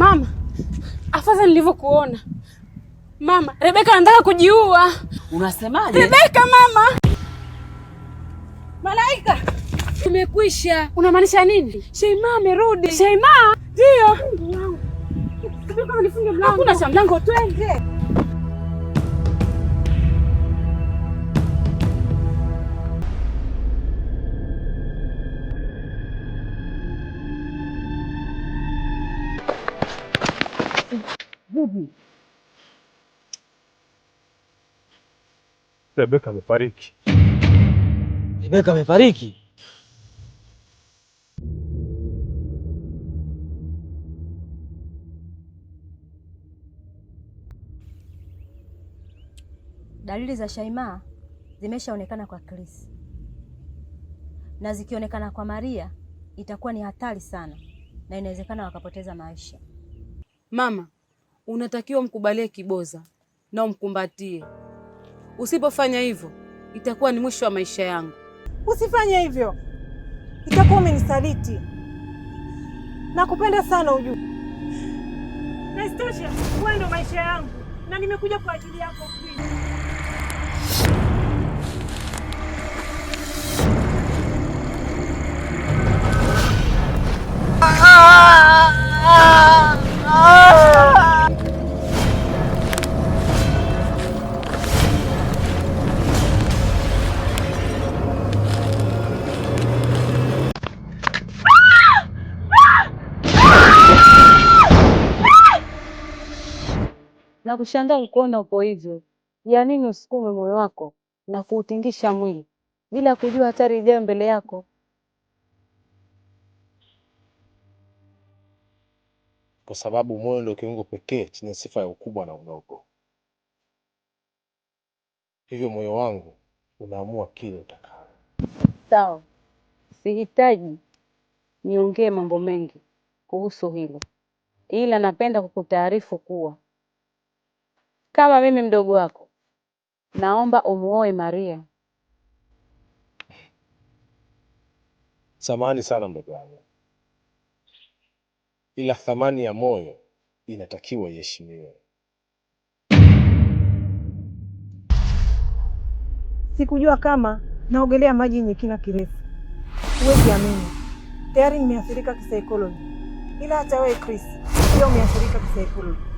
Mama, afadhali nilivyokuona. Mama, Rebeka anataka kujiua. Unasemaje? Rebeka mama. Malaika, tumekwisha. Unamaanisha nini? Sheima amerudi. Sheima? Ndio. Hakuna cha mlango, twende. Vipi? Rebeka amefariki. Rebeka amefariki? Dalili za Shaimaa zimeshaonekana kwa Chris, na zikionekana kwa Maria itakuwa ni hatari sana, na inawezekana wakapoteza maisha. Mama, unatakiwa mkubalie Kiboza na umkumbatie. Usipofanya hivyo itakuwa ni mwisho wa maisha yangu. Usifanye hivyo, itakuwa umenisaliti. Nakupenda sana ujue, na wewe ndo maisha yangu na nimekuja kwa ajili yako. na kushangaa nikuona uko hivyo. Ya nini usukume moyo wako na kuutingisha mwili bila kujua hatari ijayo mbele yako? Kwa sababu moyo ndio kiungo pekee chenye sifa ya ukubwa na udogo, hivyo moyo wangu unaamua kile utakalo. Sawa, sihitaji niongee mambo mengi kuhusu hilo, ila napenda kukutaarifu kuwa kama mimi mdogo wako, naomba umuoe Maria. Samani sana mdogo wangu, ila thamani ya moyo inatakiwa iheshimiwe. Sikujua kama naogelea maji yenye kina kirefu. Huwezi amini, tayari nimeathirika kisaikolojia, ila hata wewe Chris pia umeathirika kisaikolojia.